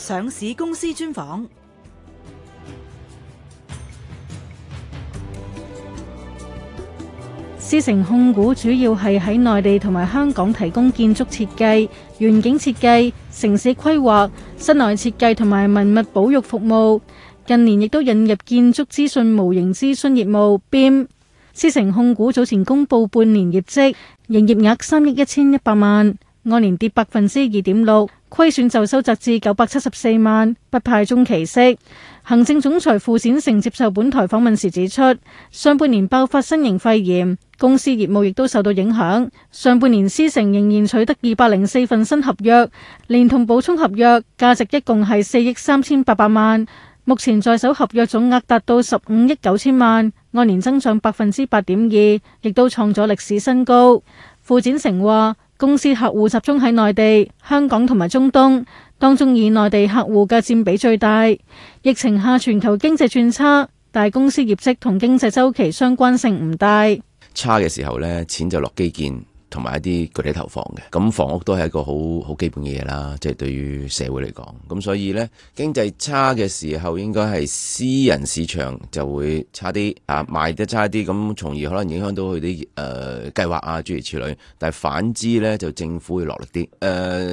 上市公司專訪。思城控股主要係喺內地同埋香港提供建築設計、園景設計、城市規劃、室內設計同埋文物保育服務。近年亦都引入建築資訊模型諮詢業務。思城控股早前公布半年業績，營業額三億一千一百萬，按年跌百分之二點六。虧損就收窄至九百七十四萬，不派中期息。行政總裁符展成接受本台訪問時指出，上半年爆發新型肺炎，公司業務亦都受到影響。上半年思城仍然取得二百零四份新合約，連同補充合約價值一共係四億三千八百萬。目前在手合約總額達到十五億九千萬，按年增長百分之八點二，亦都創咗歷史新高。符展成話。公司客戶集中喺內地、香港同埋中東，當中以內地客戶嘅佔比最大。疫情下全球經濟轉差，但公司業績同經濟周期相關性唔大。差嘅時候呢，錢就落基建。同埋一啲具體投放嘅，咁房屋都係一個好好基本嘅嘢啦，即係對於社會嚟講，咁所以咧經濟差嘅時候，應該係私人市場就會差啲啊，賣得差啲，咁從而可能影響到佢啲誒計劃啊，諸如此類。但係反之咧，就政府會落力啲。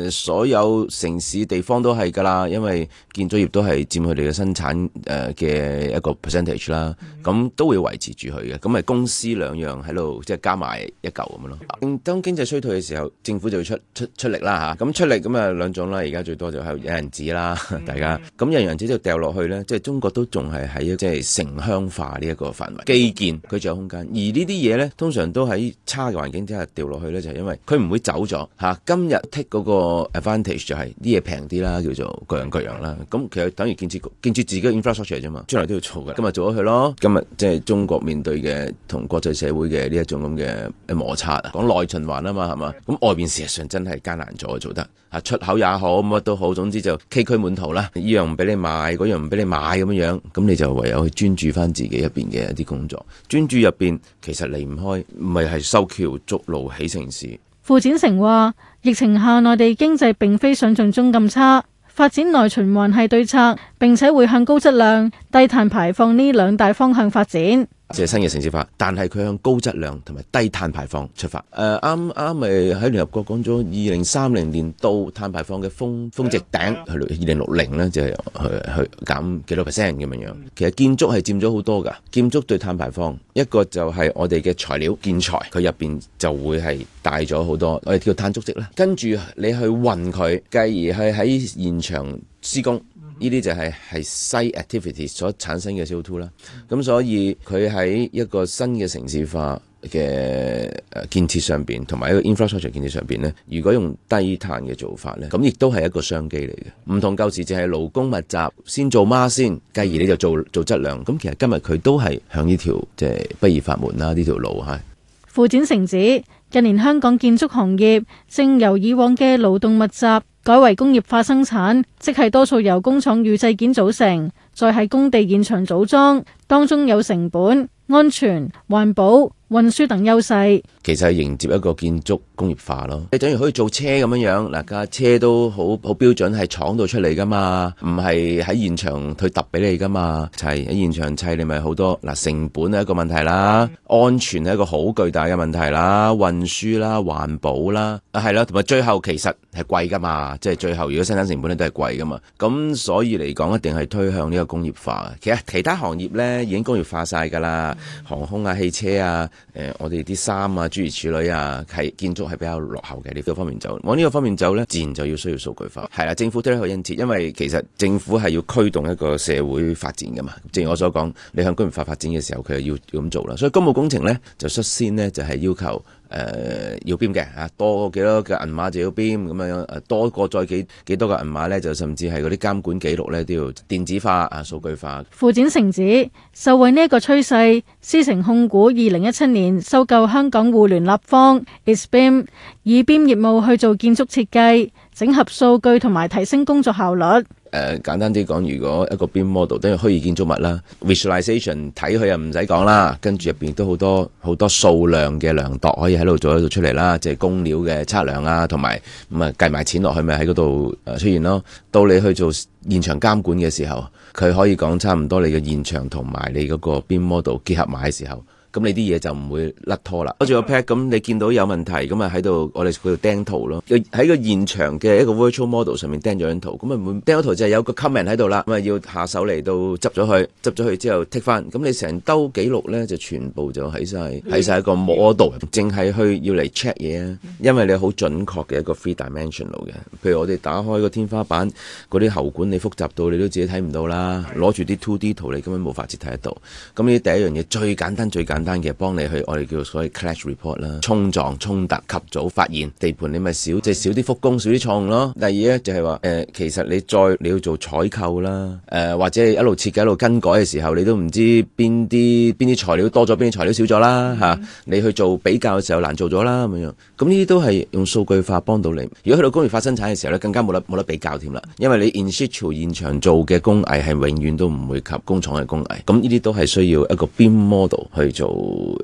誒，所有城市地方都係噶啦，因為建築業都係佔佢哋嘅生產誒嘅一個 percentage 啦，咁都會維持住佢嘅。咁咪公司兩樣喺度，即係加埋一舊咁樣咯。經濟衰退嘅時候，政府就會出出出力啦嚇。咁、啊、出力咁啊兩種啦，而家最多就係有人資啦，大家咁、嗯嗯、有人資就掉落去咧。即、就、係、是、中國都仲係喺即係城鄉化呢一個範圍，基建佢仲有空間。而呢啲嘢咧，通常都喺差嘅環境之下掉落去咧，就係、是、因為佢唔會走咗嚇、啊。今日 take a 嗰個 advantage 就係啲嘢平啲啦，叫做各樣各樣啦。咁、啊、其實等於建設建設自己 infrastructure 啫嘛，將來都要做嘅。今日做咗佢咯，今日即係中國面對嘅同國際社會嘅呢一種咁嘅摩擦，講內在。循環啊嘛，係嘛、嗯，咁外邊事實上真係艱難咗，做得啊出口也好，乜都好，總之就崎嶇滿途啦。呢樣唔俾你買，嗰樣唔俾你買咁樣，咁你就唯有去專注翻自己入邊嘅一啲工作，專注入邊其實離唔開，唔係係修橋築路起城市。符展成話：疫情下內地經濟並非想象中咁差，發展內循環係對策，並且會向高質量、低碳排放呢兩大方向發展。即係新嘅城市化，但係佢向高質量同埋低碳排放出發。誒，啱啱咪喺聯合國講咗，二零三零年到碳排放嘅峰峰值頂去二零六零咧，就係、是、去、呃、去減幾多 percent 咁樣樣。其實建築係佔咗好多㗎，建築對碳排放，一個就係我哋嘅材料建材，佢入邊就會係大咗好多，我哋叫碳足跡啦。跟住你去運佢，繼而去喺現場施工。呢啲就係係西 activity 所產生嘅小 o 啦，咁所以佢喺一個新嘅城市化嘅建設上邊，同埋一個 infrastructure 建設上邊咧，如果用低碳嘅做法咧，咁亦都係一個商機嚟嘅。唔同舊時就係勞工密集先做嗎先，繼而你就做做質量。咁其實今日佢都係向呢條即係、就是、不二法門啦、啊，呢條路係。附展城市近年香港建築行業正由以往嘅勞動密集。改為工業化生產，即係多數由工廠預製件組成，再喺工地現場組裝，當中有成本、安全、環保、運輸等優勢，其實係迎接一個建築工業化咯。你等於可以做車咁樣樣，嗱、啊、架車都好好標準，係廠度出嚟噶嘛，唔係喺現場去揼俾你噶嘛，砌喺現場砌，你咪好多嗱、啊，成本係一個問題啦，安全係一個好巨大嘅問題啦，運輸啦、環保啦，啊係咯，同埋、啊、最後其實係貴噶嘛，即、就、係、是、最後如果生產成本咧都係貴噶嘛，咁所以嚟講一定係推向呢個工業化。其實其他行業咧已經工業化晒噶啦。航空啊、汽車啊、誒、呃，我哋啲衫啊、諸如此類啊，係建築係比較落後嘅。呢、呢個方面走，往呢個方面走呢，自然就要需要數據化。係啦，政府都有應接，因為其實政府係要驅動一個社會發展噶嘛。正如我所講，你向工業化發展嘅時候，佢又要要咁做啦。所以公務工程呢，就率先呢，就係、是、要求。誒、呃，要 BIM 嘅吓，多過幾多嘅銀碼就要 BIM，咁樣，多過再幾幾多嘅銀碼咧，就甚至係嗰啲監管記錄咧都要電子化啊，數據化。符展成指受惠呢一個趨勢，思城控股二零一七年收購香港互聯立方、Isbeam 以 BIM 業務去做建築設計，整合數據同埋提升工作效率。誒、呃，簡單啲講，如果一個 BIM model 等於虛擬建築物啦，visualization 睇佢又唔使講啦，跟住入邊都好多好多數量嘅量度可以喺度做得到出嚟啦，即係工料嘅測量啊，同埋咁啊計埋錢落去咪喺嗰度出現咯。到你去做現場監管嘅時候，佢可以講差唔多你嘅現場同埋你嗰個 BIM model 結合埋嘅時候。咁你啲嘢就唔會甩拖啦。攞住個 pad，咁你見到有問題，咁啊喺度，我哋叫做釘圖咯。喺個現場嘅一個 virtual model 上面釘咗張圖，咁啊，釘咗圖就係有個 comment 喺度啦，咁啊要下手嚟到執咗佢，執咗佢之後剔翻。咁你成兜記錄咧就全部就喺晒喺晒一個 model。淨係去要嚟 check 嘢啊，因為你好準確嘅一個 three dimensional 嘅。譬如我哋打開個天花板嗰啲喉管，你複雜到你都自己睇唔到啦。攞住啲 two D 圖，你根本冇法接睇得到。咁呢第一樣嘢最簡單最簡單。簡單嘅，幫你去我哋叫所謂 clash report 啦，衝撞、衝突及早發現地盤，你、就、咪、是、少即係少啲复工，少啲錯誤咯。第二咧就係話誒，其實你再你要做採購啦，誒、呃、或者一路設計一路更改嘅時候，你都唔知邊啲邊啲材料多咗，邊啲材料少咗啦吓。啊嗯、你去做比較嘅時候難做咗啦咁樣。咁呢啲都係用數據化幫到你。如果去到工業化生產嘅時候咧，更加冇得冇得比較添啦，因為你 in situ 現場做嘅工藝係永遠都唔會及工廠嘅工藝。咁呢啲都係需要一個 BIM model 去做。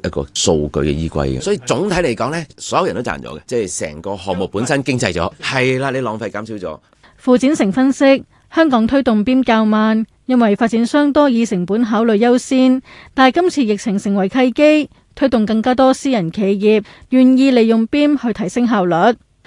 一個數據嘅依歸嘅，所以總體嚟講呢，所有人都賺咗嘅，即係成個項目本身經濟咗，係啦， 你浪費減少咗。符展成分析，香港推動 BIM 較慢，因為發展商多以成本考慮優先，但係今次疫情成為契機，推動更加多私人企業願意利用 BIM 去提升效率。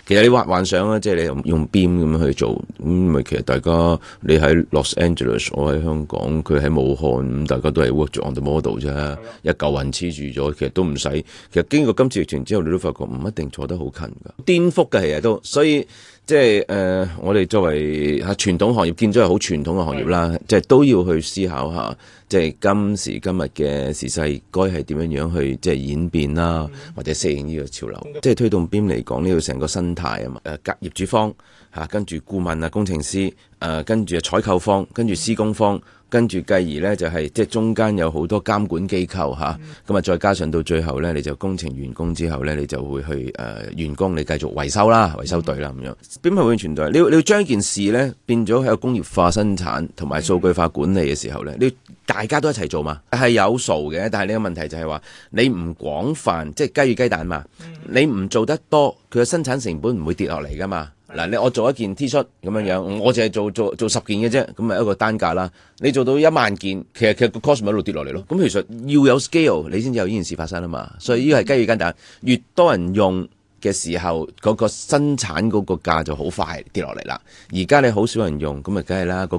其實你幻幻想啦，即係你用用 beam 咁樣去做，咁、嗯、咪其實大家你喺 Los Angeles，我喺香港，佢喺武漢，咁大家都係 work on the model 啫， 一嚿雲黐住咗，其實都唔使。其實經過今次疫情之後，你都發覺唔一定坐得好近㗎，顛覆嘅係啊都，所以。即係誒，我哋作為吓傳統行業，建築係好傳統嘅行業啦，即係是都要去思考下，即、就、係、是、今時今日嘅時勢，該係點樣樣去即係演變啦，嗯、或者適應呢個潮流，即係、嗯、推動邊嚟講呢個成個生態啊嘛。誒，業主方吓，跟住顧問啊，問工程師誒，跟住採購方，跟住施工方。嗯跟住繼而呢，就係即係中間有好多監管機構嚇，咁啊，再加上到最後呢，你就工程完工之後呢，你就會去誒員工，呃呃、你繼續維修啦，維、嗯、修隊啦咁樣。邊部分會存在？你要將件事呢變咗喺個工業化生產同埋數據化管理嘅時候呢，嗯、你要大家都一齊做嘛？係有數嘅，但係呢個問題就係話你唔廣泛，即係雞與雞蛋嘛？你唔做得多，佢嘅生產成本唔會跌落嚟㗎嘛？嗱，你我做一件 T 恤咁樣樣，我淨係做做做十件嘅啫，咁咪一個單價啦。你做到一萬件，其實其實個 cost 咪一路跌落嚟咯。咁其實要有 scale，你先至有呢件事發生啦嘛。所以呢個係雞與蛋，越多人用嘅時候，嗰個生產嗰個價就好快跌落嚟啦。而家你好少人用，咁咪梗係啦。嗰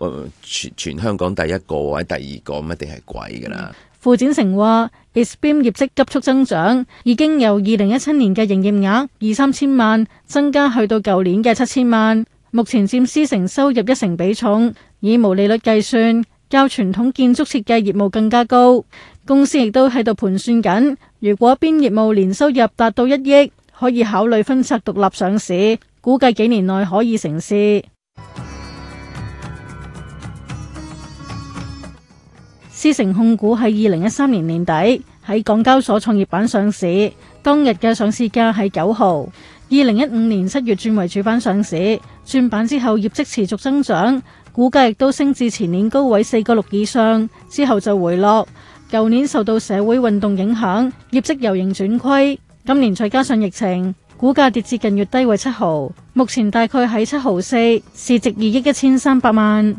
個全全香港第一個或者第二個，咁一定係貴噶啦。嗯符展成話 BIM 業績急速增長，已經由二零一七年嘅營業額二三千萬增加到去到舊年嘅七千萬，目前佔思城收入一成比重，以毛利率計算，較傳統建築設計業務更加高。公司亦都喺度盤算緊，如果邊業務年收入達到一億，可以考慮分拆獨立上市，估計幾年內可以成事。思城控股喺二零一三年年底喺港交所創業板上市，當日嘅上市價係九毫。二零一五年七月轉為主板上市，轉板之後業績持續增長，股價亦都升至前年高位四個六以上，之後就回落。舊年受到社會運動影響，業績由盈轉虧。今年再加上疫情，股價跌至近月低位七毫，目前大概喺七毫四，市值二億一千三百萬。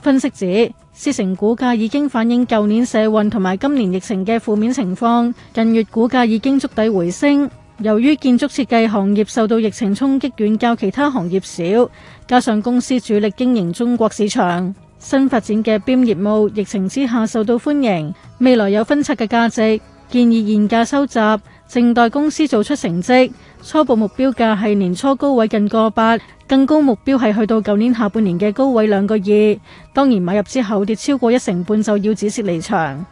分析指，思城股價已經反映舊年社運同埋今年疫情嘅負面情況，近月股價已經觸底回升。由於建築設計行業受到疫情衝擊遠較其他行業少，加上公司主力經營中國市場，新發展嘅 BIM 業務疫情之下受到歡迎，未來有分拆嘅價值，建議現價收集。靜待公司做出成績，初步目標價係年初高位近個八，更高目標係去到舊年下半年嘅高位兩個二。當然買入之後跌超過一成半就要止蝕離場。